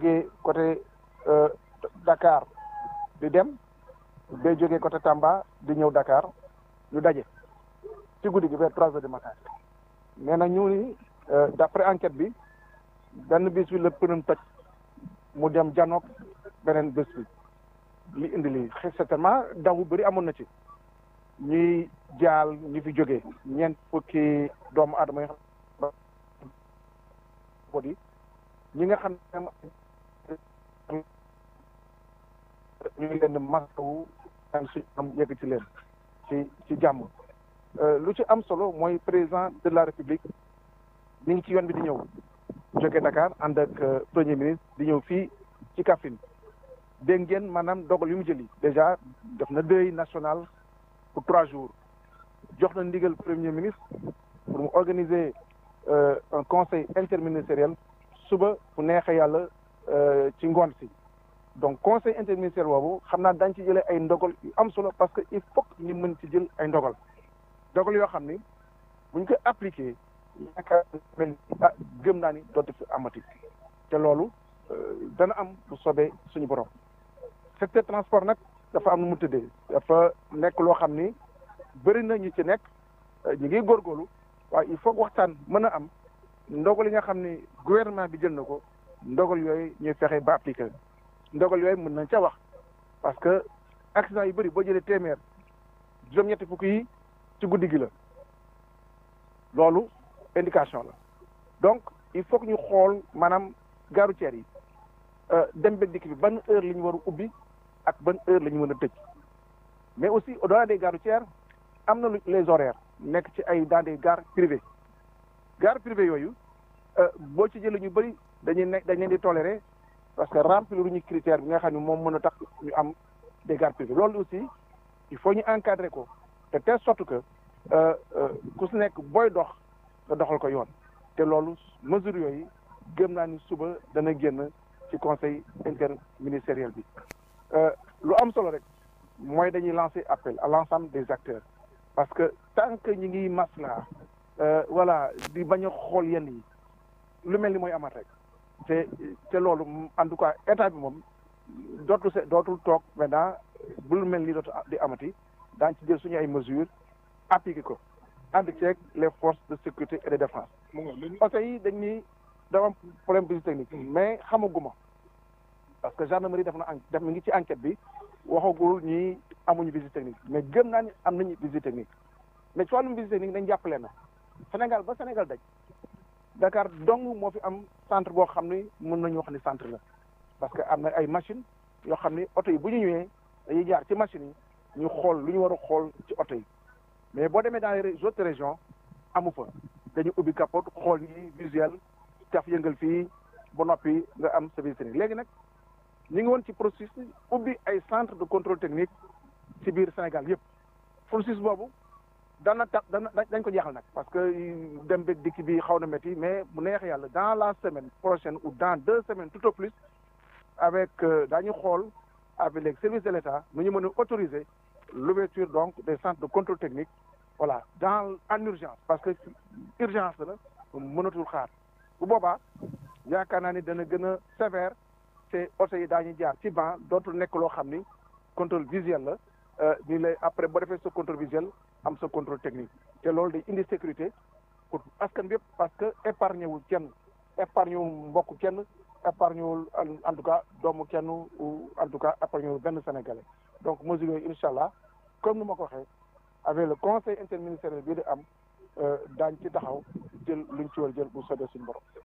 jógee côté euh, Dakar di dem bay jógee côté Tamba di ñëw Dakar ñu daje ci guddi gi vers trois heures du matin nee na ñu ni euh, enquête bi benn bis bi la pënam toj mu dem janoog beneen bés bi li indi lii certainement daw bu bëri amoon na ci ñuy jaal ñi fi jógee ñeent fukki doomu aadama yi xam ñi nga xam ne ñu ngi leen di masawu am si am yëkkati leen ci ci jàmm euh, lu ci am solo mooy président de la république mi ngi ci yoon bi di ñëw jóge Dakar ànd ak euh, premier ministre di ñëw fii ci Kaffrine dégg ngeen maanaam dogal yu mu jëli déjà def na deuil national pour trois jours jox na ndigal premier ministre pour mu organiser euh, un conseil interministériel suba bu neexee yàlla ci ngoon si donc conseil interministériel boobu xam naa dañ ci jële ay ndogal yu am solo parce que il faut ñu mën ci jël ay ndogal ndogal yoo xam ni buñ ko appliqué yaakaar ah mel naa ni dootu fi amati te loolu euh, dana am bu sobee suñu borom secteur transport nag dafa am nu mu tëddee dafa nekk loo xam ni bëri na ñu ci nekk euh, ñu ngi góorgóorlu waaye il faut waxtaan mën a am ndogal yi nga xam ni gouvernement bi jël na ko ndogal yooyu ñuy fexe ba appliqué ndogal yooyu mën nañ ca wax parce que accident yu bëri boo jëlee téeméer juróom-ñetti fukk yi ci guddigi la loolu indication la donc il faut que ñu xool maanaam gare routière yi euh, dem ba dikk bi ban heure la ñu war a ubbi ak ban heure la ñu mën a tëj mais aussi au delà des gares routières am na les horaires nekk ci ay dans des gares privées gares privées yooyu euh, boo ci jëlee ñu bëri dañuy nekk dañ leen di tolérer parce que remplir ñu critère bi nga xam ne moom mën a tax ñu am dégâts publics loolu aussi il faut ñu encadrer ko te telle sorte que euh, euh, ku si nekk booy dox nga doxal ko yoon te loolu mesure yooyu gëm naa ni suba dana génn ci conseil ministériel bi euh, lu am solo rek mooy dañuy lancer appel à l'ensemble des acteurs parce que tant que ñi ngi maslaa voilà di bañ a xool yenn yi lu mel ni mooy amaat rek te te loolu en tout cas état bi moom dootul se dootul toog maintenant bul mel ni dootu di amati daañu ci jël suñu ay mesures appliqué ko ànd ceeg les forces de sécurité et de défense. oto yi dañuy dafa am problème visite technique. Hmm. mais xamaguma parce que gendarmerie def na enquête def mi ngi ci enquête bi waxagul ñi amuñu visite technique mais gëm naa ni am nañu visite technique mais ci wàllum visite technique dañ jàppale na Sénégal ba Sénégal daj Dakar dong moo fi am centre boo xam ne mën nañu wax ni centre la parce que am na ay machine yoo xam ni oto yi bu ñu ñëwee dañuy jaar ci machine yi ñu xool lu ñu war a xool ci oto yi mais boo demee dans les autres amu fa dañu ubbi capote xool yi visuel taf yëngal fii ba noppi nga am service technique léegi nag ñu ngi woon ci processus ubbi ay centre de contrôle technique ci biir Sénégal yëpp processus boobu dana tax dana dañ ko jeexal nag parce que dem ba dikk bi xaw na métti mais mu neex yàlla dans la semaine prochaine ou dans deux semaines tout au plus avec euh, dañu xool avec les services de l'État nu ñu mën a autoriser l'ouverture donc des centres de contrôle technique voilà dans en urgence parce que urgence la mënatul xaar bu boobaa yaakaar naa ni dana gën a sévère te oto yi daañu jaar ci ban dootul nekk loo xam ni contrôle visuel la euh, ni lay après boo defee sa contrôle visuel am sa contrôle technique te loolu day indi sécurité pour askan bi parce que épargne wul kenn épargne wul mbokk kenn épargne wul en tout cas doomu kenn ou en tout cas épargne wul benn sénégalais donc mesure yooyu incha allah comme nous ma ko waxee avec le conseil interministériel bii di am euh, daañ ci taxaw jël luñ ci war jël bu soobee suñu borom